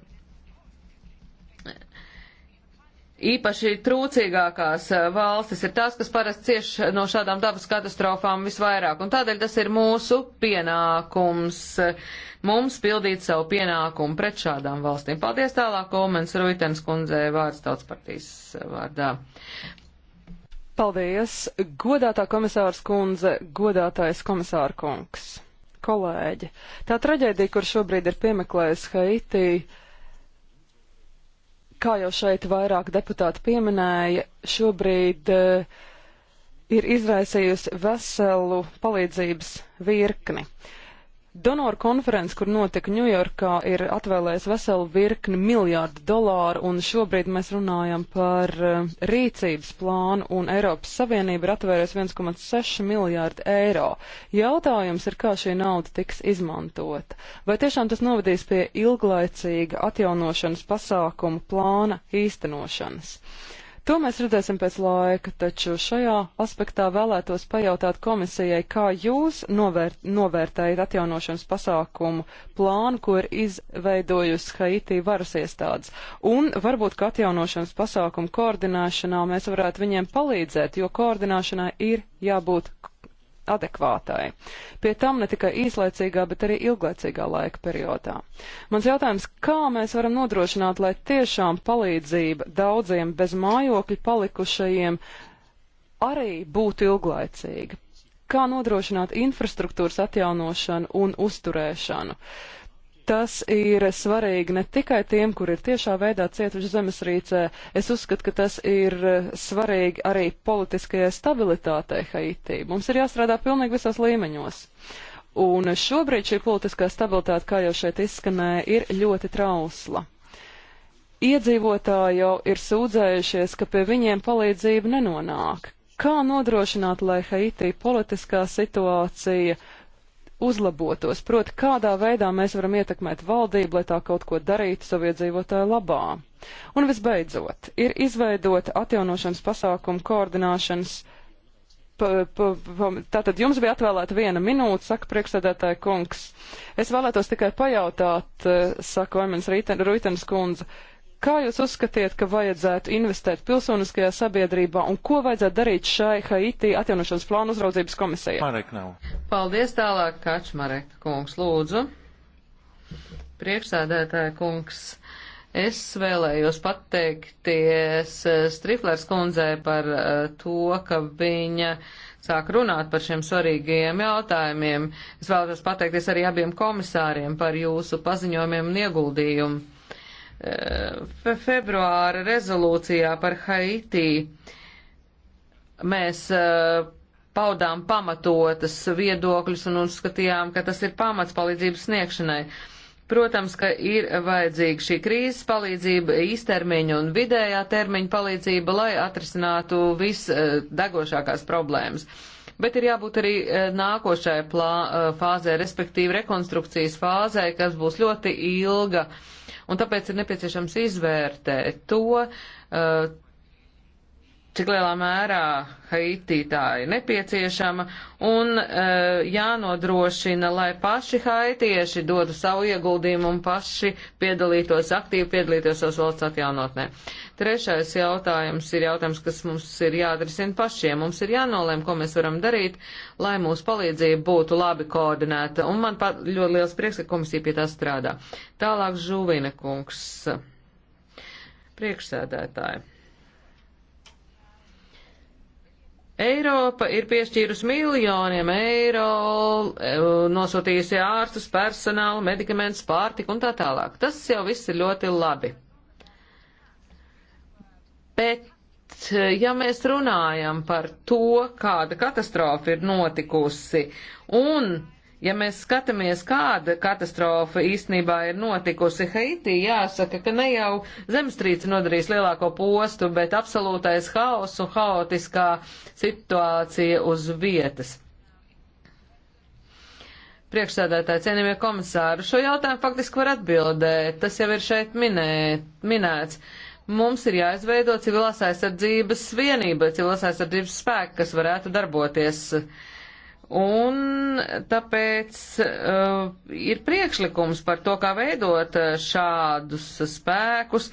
Īpaši trūcīgākās valstis ir tās, kas parasti cieš no šādām dabas katastrofām visvairāk, un tādēļ tas ir mūsu pienākums, mums pildīt savu pienākumu pret šādām valstīm. Paldies tālāk, Olmens Ruitens kundzei vārds tautas partijas vārdā. Paldies, godātā komisārs kundze, godātais komisāra kungs kolēģi. Tā traģēdija, kur šobrīd ir piemeklējis Haiti, kā jau šeit vairāk deputāti pieminēja, šobrīd uh, ir izraisījusi veselu palīdzības virkni. Uh, Donoru konferences, kur notika Ņujorkā, ir atvēlējis veselu virkni miljārdu dolāru, un šobrīd mēs runājam par rīcības plānu, un Eiropas Savienība ir atvērējusi 1,6 miljārdu eiro. Jautājums ir, kā šī nauda tiks izmantota. Vai tiešām tas novadīs pie ilglaicīga atjaunošanas pasākumu plāna īstenošanas? Uh, To mēs redzēsim pēc laika, taču šajā aspektā vēlētos pajautāt komisijai, kā jūs novērt, novērtējat atjaunošanas pasākumu plānu, ko ir izveidojusi Haiti varas iestādes. Un varbūt, ka atjaunošanas pasākumu koordinēšanā mēs varētu viņiem palīdzēt, jo koordinēšanai ir jābūt adekvātai. Pie tam ne tikai īslaicīgā, bet arī ilglaicīgā laika periodā. Mans jautājums, kā mēs varam nodrošināt, lai tiešām palīdzība daudziem bez mājokļu palikušajiem arī būtu ilglaicīga? Kā nodrošināt infrastruktūras atjaunošanu un uzturēšanu? Tas ir svarīgi ne tikai tiem, kur ir tiešā veidā cietuši zemesrīcē. Es uzskatu, ka tas ir e, svarīgi arī politiskajai stabilitātei Haitī. Mums ir jāstrādā pilnīgi visos līmeņos. Un šobrīd šī politiskā stabilitāte, kā jau šeit izskanēja, ir ļoti trausla. Iedzīvotāji jau ir sūdzējušies, ka pie viņiem palīdzība nenonāk. Kā nodrošināt, lai Haitī politiskā situācija uzlabotos, proti, kādā veidā mēs varam ietekmēt valdību, lai tā kaut ko darītu savu iedzīvotāju labā. Un visbeidzot, ir izveidota atjaunošanas pasākumu koordināšanas. Pa, pa, pa, tātad jums bija atvēlēta viena minūte, saka priekšsēdētāja kungs. Es vēlētos tikai pajautāt, eh, saka Oimens Rūtens kundze, Kā jūs uzskatiet, ka vajadzētu investēt pilsoniskajā sabiedrībā un ko vajadzētu darīt šai Haiti atjaunošanas plānu uzraudzības komisijai? Marek nav. Paldies tālāk, Kačmarek kungs, lūdzu. Priekšsēdētāja kungs, es vēlējos pateikties eh, Striflers kundzē par eh, to, ka viņa sāk runāt par šiem svarīgajiem jautājumiem. Es vēlētos pateikties arī abiem komisāriem par jūsu paziņojumiem un ieguldījumu Eh, fe februāra rezolūcijā par Haiti mēs eh, paudām pamatotas viedokļus un uzskatījām, ka tas ir pamats palīdzības sniegšanai. Protams, ka ir vajadzīga šī krīzes palīdzība, īstermiņa un vidējā termiņa palīdzība, lai atrisinātu visdegošākās eh, problēmas. Bet ir jābūt arī nākošai plā, fāzē, respektīvi rekonstrukcijas fāzē, kas būs ļoti ilga. Uh, Un tāpēc ir nepieciešams izvērtēt to, uh, cik lielā mērā Haitī tā ir nepieciešama un uh, jānodrošina, lai paši haitieši dotu savu ieguldījumu un paši piedalītos, aktīvi piedalītos savas valsts atjaunotnē. Trešais jautājums ir jautājums, kas mums ir jāatrisina pašiem. Mums ir jānolēm, ko mēs varam darīt, lai mūsu palīdzība būtu labi koordinēta. Un man pat ļoti liels prieks, ka komisija pie tā strādā. Tālāk Žuvina kungs. Priekšsēdētāji. Eiropa ir piešķīrusi miljoniem eiro, e, nosūtījusi ārstus, personālu, medikamentus, pārtiku un tā tālāk. Tas jau viss ir ļoti labi. Bet, e, ja mēs runājam par to, kāda katastrofa ir notikusi un Ja mēs skatāmies, kāda katastrofa īstenībā ir notikusi Haitī, jāsaka, ka ne jau zemestrīce nodarīs lielāko postu, bet absolūtais haoss un haotiskā situācija uz vietas. Priekšsēdētāji, cienījamie komisāri, šo jautājumu faktiski var atbildēt, tas jau ir šeit minēt, minēts mums ir jāizveido civilās aizsardzības vienība, civilās aizsardzības spēki, kas varētu darboties. Uh, Un tāpēc uh, ir priekšlikums par to, kā veidot uh, šādus spēkus,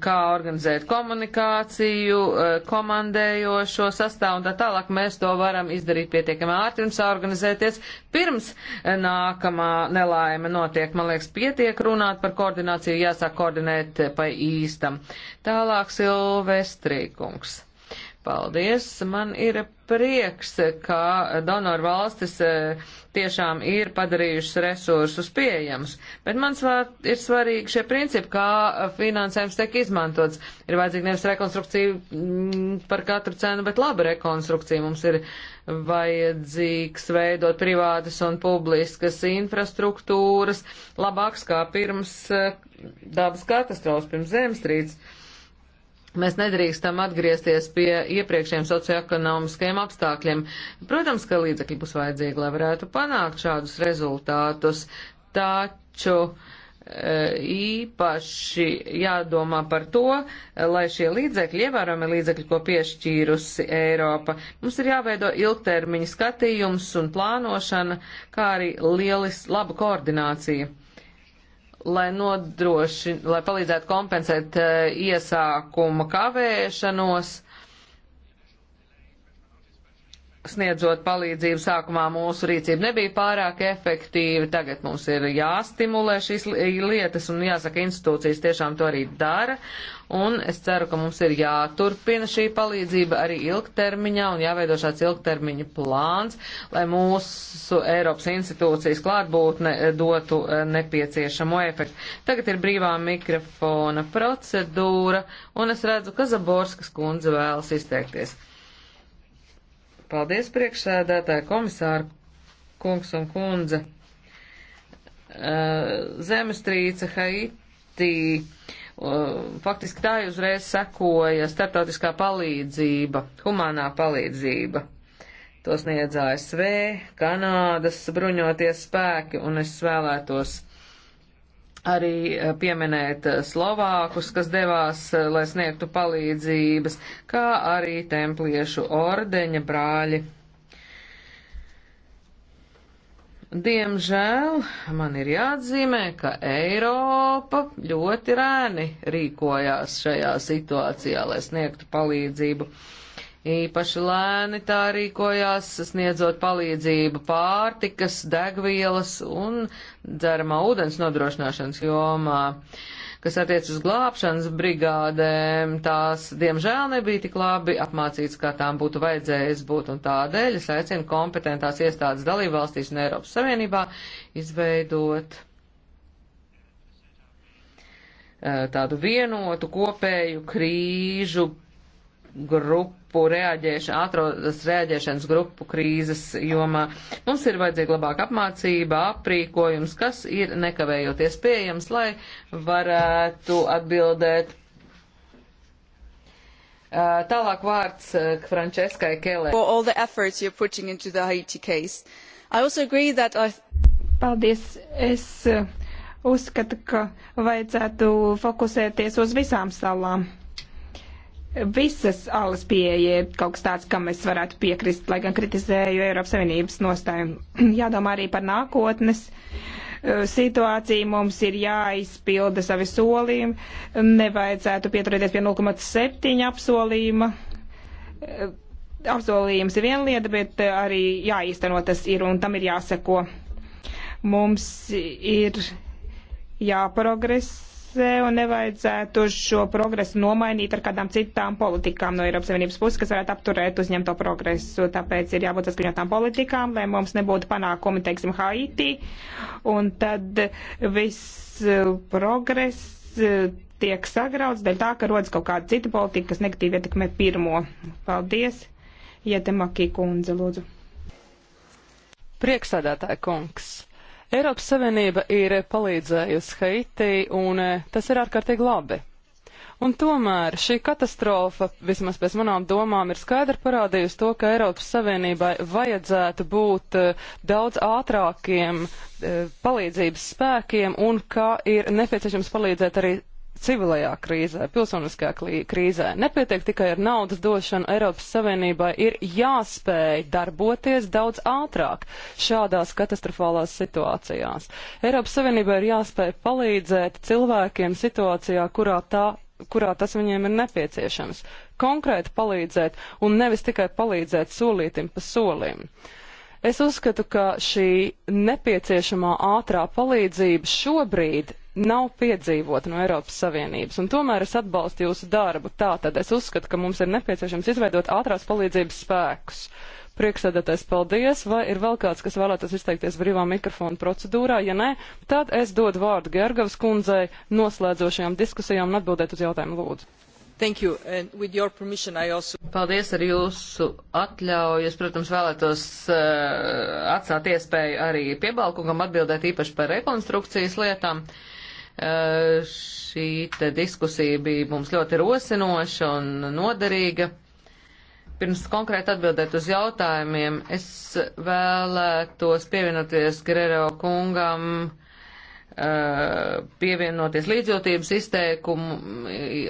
kā organizēt komunikāciju, uh, komandējošo sastāvu un tā tālāk. Mēs to varam izdarīt pietiekami ātri un saorganizēties pirms uh, nākamā nelaime notiek. Man liekas, pietiek runāt par koordināciju, jāsāk koordinēt uh, pa īstam. Tālāk Silvestrīkungs. Paldies! Man ir prieks, ka donoru valstis e, tiešām ir padarījušas resursus pieejamus, bet man svār, ir svarīgi šie principi, kā finansējums tiek izmantots. Ir vajadzīga nevis rekonstrukcija mm, par katru cenu, bet laba rekonstrukcija. Mums ir vajadzīgs veidot privātas un publiskas infrastruktūras, labāks kā pirms e, dabas katastrofas, pirms zemstrīdes Mēs nedrīkstam atgriezties pie iepriekšējiem socioekonomiskajiem apstākļiem. Protams, ka līdzekļi būs vajadzīgi, lai varētu panākt šādus rezultātus, taču e, īpaši jādomā par to, lai šie līdzekļi, ievērojami līdzekļi, ko piešķīrusi Eiropa, mums ir jāveido ilgtermiņa skatījums un plānošana, kā arī lielis laba koordinācija lai nodrošinātu, lai palīdzētu kompensēt eh, iesākuma kavēšanos sniedzot palīdzību sākumā mūsu rīcība nebija pārāk efektīva, tagad mums ir jāstimulē šīs lietas un jāsaka institūcijas tiešām to arī dara un es ceru, ka mums ir jāturpina šī palīdzība arī ilgtermiņā un jāveido šāds ilgtermiņa plāns, lai mūsu Eiropas institūcijas klātbūtne dotu eh, nepieciešamo efektu. Tagad ir brīvā mikrofona procedūra un es redzu, ka Zaborskas kundze vēlas izteikties. Paldies priekšsēdētāji komisāru kungs un kundze. Zemestrīce Haiti. Faktiski tā uzreiz sekoja startautiskā palīdzība, humanā palīdzība. To sniedz ASV, Kanādas bruņoties spēki, un es vēlētos uh, arī eh, pieminēt eh, Slovākus, kas devās, eh, lai sniegtu palīdzības, kā arī templiešu ordeņa brāļi. Diemžēl man ir jāatzīmē, ka Eiropa ļoti rēni rīkojās šajā situācijā, lai sniegtu palīdzību. Uh, Īpaši lēni tā rīkojās, sniedzot palīdzību pārtikas, degvielas un dzeramā ūdens nodrošināšanas jomā. Kas attiec uz glābšanas brigādēm, tās diemžēl nebija tik labi apmācītas, kā tām būtu vajadzējis būt, un tādēļ es aicinu kompetentās iestādes dalībvalstīs un Eiropas Savienībā izveidot eh, tādu vienotu kopēju krīžu grupu reaģēšu, ātros reaģēšanas grupu krīzes jomā. Mums ir vajadzīga labāka apmācība, aprīkojums, kas ir nekavējoties pieejams, lai varētu atbildēt. Tālāk vārds Franceskai Kelē. Paldies. Es uzskatu, ka vajadzētu fokusēties uz visām salām visas alas pieeja ir kaut kas tāds, kam es varētu piekrist, lai gan kritizēju Eiropas Savienības nostājumu. [CLEARS THROAT] Jādomā arī par nākotnes e, situāciju, mums ir jāizpilda savi solījumi, nevajadzētu pieturēties pie 0,7 apsolījuma. E, apsolījums ir viena lieta, bet e, arī jāīsteno tas ir un tam ir jāseko. Mums ir jāprogresē progresē un nevajadzētu šo progresu nomainīt ar kādām citām politikām no Eiropas Savienības puses, kas varētu apturēt uzņemto progresu. Tāpēc ir jābūt saskaņotām politikām, lai mums nebūtu panākumi, teiksim, Haiti, un tad viss eh, progress eh, tiek sagrauts dēļ tā, ka rodas kaut kāda cita politika, kas negatīvi ietekmē pirmo. Paldies! Ietemakī kundze, lūdzu. Prieksādātāja kungs. Eiropas Savienība ir palīdzējusi Haiti, un eh, tas ir ārkārtīgi labi. Un tomēr šī katastrofa, vismaz pēc manām domām, ir skaidri parādījusi to, ka Eiropas Savienībai vajadzētu būt eh, daudz ātrākiem eh, palīdzības spēkiem un ka ir nepieciešams palīdzēt arī civilajā krīzē, pilsoniskajā krīzē. Nepietiek tikai ar naudas došanu Eiropas Savienībai, ir jāspēj darboties daudz ātrāk šādās katastrofālās situācijās. Eiropas Savienībai ir jāspēj palīdzēt cilvēkiem situācijā, kurā tā kurā tas viņiem ir nepieciešams, konkrēti palīdzēt un nevis tikai palīdzēt solītim pa solim. Uh, Es uzskatu, ka šī nepieciešamā ātrā palīdzība šobrīd nav piedzīvota no Eiropas Savienības, un tomēr es atbalstu jūsu darbu. Tātad es uzskatu, ka mums ir nepieciešams izveidot ātrās palīdzības spēkus. Prieksēdētais paldies, vai ir vēl kāds, kas vēlētos izteikties brīvā mikrofona procedūrā? Ja nē, tad es dodu vārdu Gergavas kundzei noslēdzošajām diskusijām un atbildēt uz jautājumu lūdzu. Also... Paldies ar jūsu atļauju. Es, protams, vēlētos uh, atstāt iespēju arī piebalkungam atbildēt īpaši par rekonstrukcijas lietām. Uh, šī te diskusija bija mums ļoti rosinoša un noderīga. Pirms konkrēti atbildēt uz jautājumiem, es vēlētos pievienoties Gerero kungam uh, Uh, pievienoties līdzjūtības izteikumu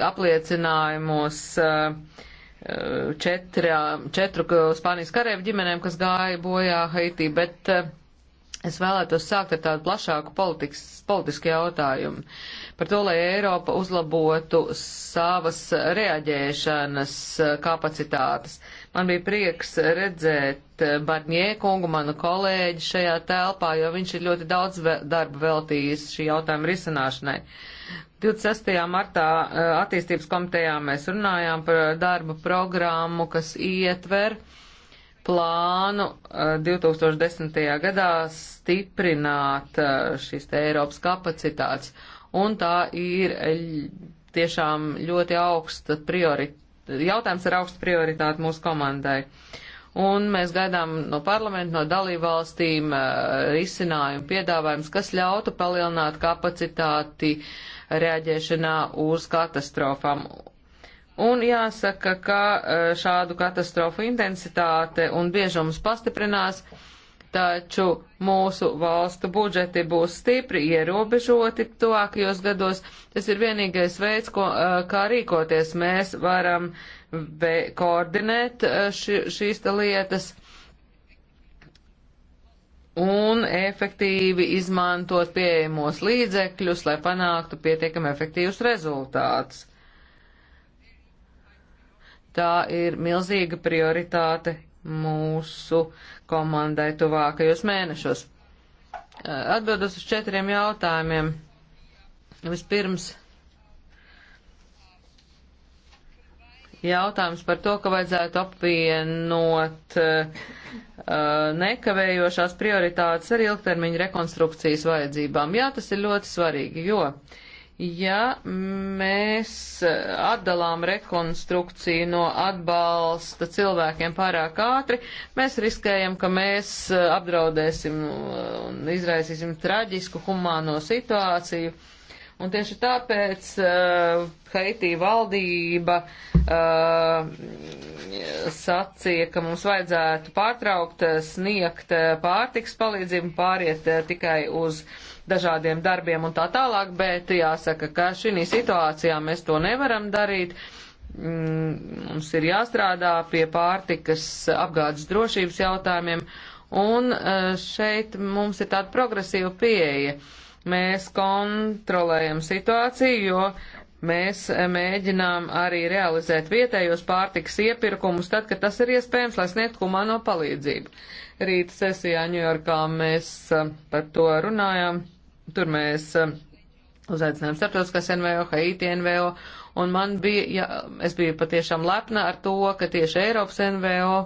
apliecinājumos uh, uh, četra, četru Spānijas karēvu ģimenēm, kas gāja bojā Haitī, bet es vēlētos sākt ar tādu plašāku politikas, politisku jautājumu par to, lai Eiropa uzlabotu savas reaģēšanas kapacitātes. Man bija prieks redzēt Barņē kungu, manu kolēģi šajā telpā, jo viņš ir ļoti daudz darba veltījis šī jautājuma risināšanai. 26. martā eh, attīstības komitejā mēs runājām par darba programmu, kas ietver plānu 2010. Eh, gadā stiprināt eh, šīs te Eiropas kapacitātes. Un tā ir tiešām ļoti augsta prioritāte jautājums ir augsta prioritāte mūsu komandai. Un mēs gaidām no parlamenta, no dalībvalstīm eh, risinājumu piedāvājums, kas ļautu palielināt kapacitāti reaģēšanā uz katastrofām. Un jāsaka, ka eh, šādu katastrofu intensitāte un biežums pastiprinās. Uh, taču mūsu valstu budžeti būs stipri ierobežoti tuvākajos gados. Tas ir vienīgais veids, ko, eh, kā rīkoties. Mēs varam koordinēt eh, ši, šīs lietas un efektīvi izmantot pieejamos līdzekļus, lai panāktu pietiekami efektīvus rezultātus. Tā ir milzīga prioritāte mūsu komandai tuvākajos mēnešos. Eh, atbildos uz četriem jautājumiem. Vispirms jautājums par to, ka vajadzētu apvienot eh, nekavējošās prioritātes ar ilgtermiņa rekonstrukcijas vajadzībām. Jā, tas ir ļoti svarīgi, jo uh, Ja mēs atdalām rekonstrukciju no atbalsta cilvēkiem pārāk ātri, mēs riskējam, ka mēs uh, apdraudēsim uh, un izraisīsim traģisku humāno situāciju, uh, Un tieši tāpēc uh, eh, Haitī valdība uh, sacīja, ka mums vajadzētu pārtraukt eh, sniegt pārtiks palīdzību, pāriet uh, tikai uz dažādiem darbiem un tā tālāk, bet jāsaka, ka šī situācijā mēs to nevaram darīt. Mm, mums ir jāstrādā pie pārtikas apgādes drošības jautājumiem, un uh, šeit mums ir tāda progresīva pieeja. Uh, Mēs kontrolējam situāciju, jo mēs mēģinām arī realizēt vietējos pārtikas iepirkumus tad, kad tas ir iespējams, lai sniegtu humano palīdzību. Rīta sesijā Ņujorkā mēs eh, par to runājām. Tur mēs eh, uzaicinājām starptautiskās NVO, Haiti NVO, un man bija, ja, es biju patiešām lepna ar to, ka tieši Eiropas NVO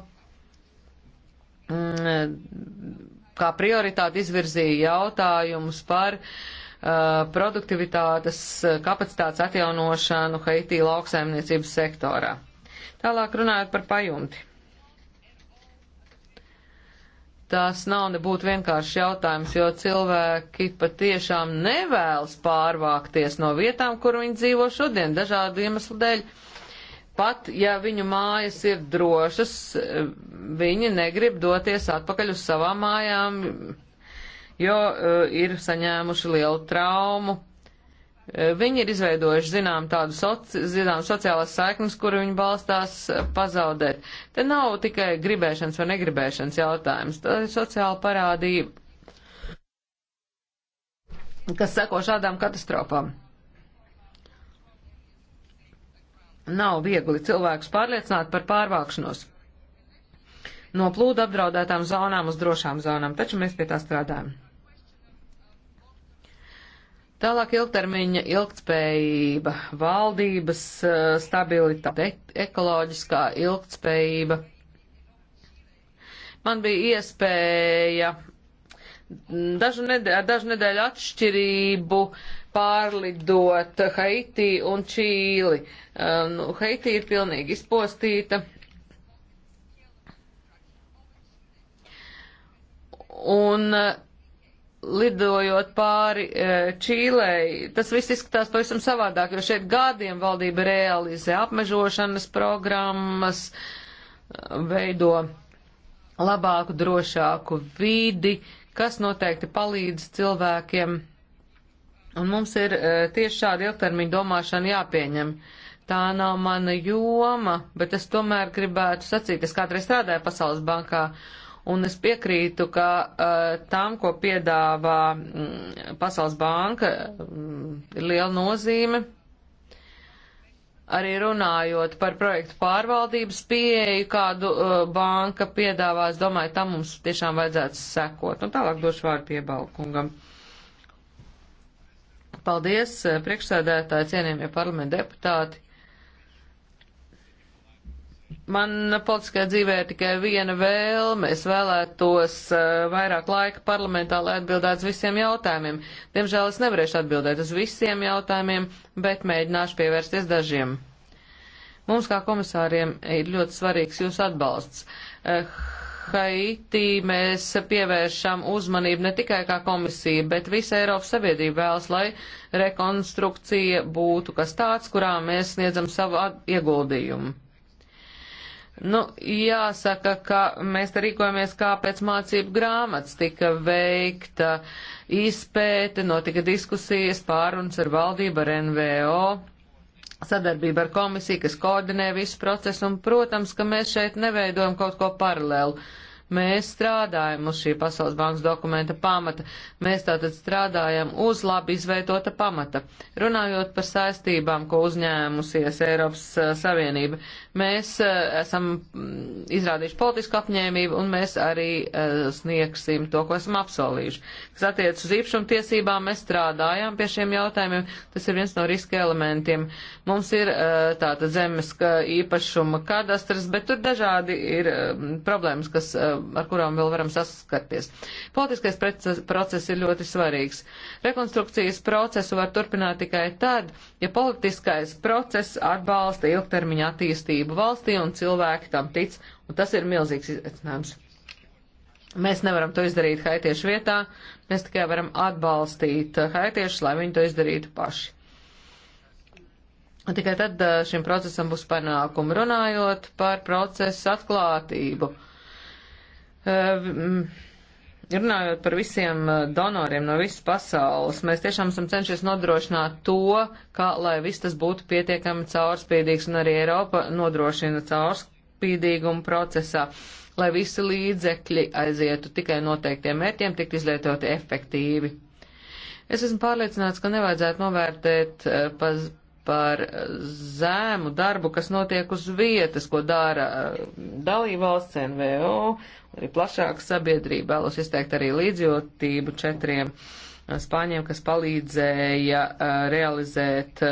mm, kā prioritāti izvirzīja jautājumus par uh, produktivitātes uh, kapacitātes atjaunošanu Haitī lauksaimniecības sektorā. Tālāk runājot par pajumti. Tas nav nebūtu vienkārši jautājums, jo cilvēki patiešām nevēlas pārvākties no vietām, kur viņi dzīvo šodien, dažādu iemeslu dēļ. Uh, Pat ja viņu mājas ir drošas, viņi negrib doties atpakaļ uz savām mājām, jo uh, ir saņēmuši lielu traumu. Uh, viņi ir izveidojuši zinām tādu soci, zinām, sociālās saiknes, kuru viņi balstās uh, pazaudēt. Te nav tikai gribēšanas vai negribēšanas jautājums, tā ir sociāla parādība, kas seko šādām katastrofām. Nav viegli cilvēkus pārliecināt par pārvākšanos no plūdu apdraudētām zonām uz drošām zonām, taču mēs pie tā strādājam. Tālāk ilgtermiņa ilgtspējība, valdības eh, stabilitāte, ekoloģiskā ilgtspējība. Man bija iespēja dažu nedēļu, dažu nedēļu atšķirību uh, pārlidot Haiti un Čīli. Uh, nu, Haiti ir pilnīgi izpostīta. Un uh, lidojot pāri uh, Čīlei, tas viss izskatās pavisam savādāk, jo šeit gadiem valdība realizē apmežošanas programmas, veido labāku, drošāku vidi, kas noteikti palīdz cilvēkiem Un mums ir e, tieši šāda ilgtermiņa domāšana jāpieņem. Tā nav mana joma, bet es tomēr gribētu sacīt, es kādreiz strādāju Pasaules bankā, un es piekrītu, ka uh, tam, ko piedāvā mm, Pasaules banka, mm, ir liela nozīme. Arī runājot par projektu pārvaldības pieeju, kādu uh, banka piedāvā, es domāju, tam mums tiešām vajadzētu sekot. Un tālāk došu vārdu piebalkungam. Uh, Paldies, eh, priekšsēdētāji, cienījamie parlamenta deputāti. Man politiskajā dzīvē ir tikai viena vēlme. Es vēlētos eh, vairāk laika parlamentā, lai atbildētu uz visiem jautājumiem. Diemžēl es nevarēšu atbildēt uz visiem jautājumiem, bet mēģināšu pievērsties dažiem. Mums kā komisāriem ir ļoti svarīgs jūsu atbalsts. Eh, Haiti mēs pievēršam uzmanību ne tikai kā komisija, bet visa Eiropas sabiedrība vēlas, lai rekonstrukcija būtu kas tāds, kurā mēs sniedzam savu ieguldījumu. Nu, jāsaka, ka mēs te rīkojamies kā pēc mācību grāmatas, tika veikta izpēte, notika diskusijas, pārunas ar valdību, ar NVO sadarbība ar komisiju, kas koordinē visu procesu, un, protams, ka mēs šeit neveidojam kaut ko paralēlu. Uh, Mēs strādājam uz šī Pasaules bankas dokumenta pamata. Mēs tātad strādājam uz labi izveidota pamata. Runājot par saistībām, ko uzņēmusies Eiropas eh, Savienība, mēs eh, esam mm, izrādījuši politisku apņēmību un mēs arī eh, sniegsim to, ko esam apsolījuši. Kas attiec uz īpašumtiesībām, mēs strādājam pie šiem jautājumiem. Tas ir viens no riska elementiem. Mums ir tātad zemes īpašuma kadastras, bet tur dažādi ir problēmas, kas ar kurām vēl varam saskarties. Politiskais process ir ļoti svarīgs. Rekonstrukcijas procesu var turpināt tikai tad, ja politiskais process atbalsta ilgtermiņa attīstību valstī un cilvēki tam tic, un tas ir milzīgs izaicinājums. Mēs nevaram to izdarīt haitiešu vietā, mēs tikai varam atbalstīt haitiešus, lai viņi to izdarītu paši. Un tikai tad šim procesam būs panākumi runājot par procesu atklātību. Eh, mm, runājot par visiem eh, donoriem no visas pasaules, mēs tiešām esam cenšies nodrošināt to, kā, lai viss tas būtu pietiekami caurspīdīgs un arī Eiropa nodrošina caurspīdīgumu procesā, lai visi līdzekļi aizietu tikai noteiktiem mērķiem, tiktu izlietoti efektīvi. Es esmu pārliecināts, ka nevajadzētu novērtēt eh, paz, par zēmu darbu, kas notiek uz vietas, ko dara eh, dalībvalsts NVO, arī plašāka sabiedrība. Vēlos izteikt arī līdzjūtību četriem eh, spāņiem, kas palīdzēja eh, realizēt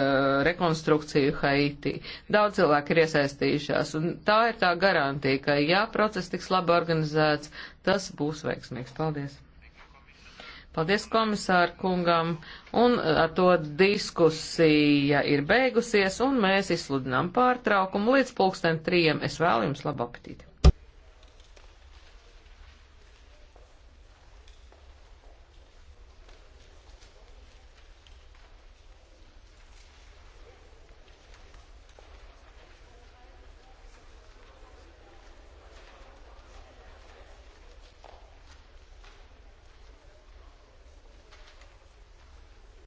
rekonstrukciju Haiti. Daudz cilvēku ir iesaistījušās, un tā ir tā garantija, ka ja process tiks labi organizēts, tas būs veiksmīgs. Paldies! Paldies komisāru kungam, un e, ar to diskusija ir beigusies, un mēs izsludinām pārtraukumu līdz pulksten trijiem. Es vēlu jums labu apetīti!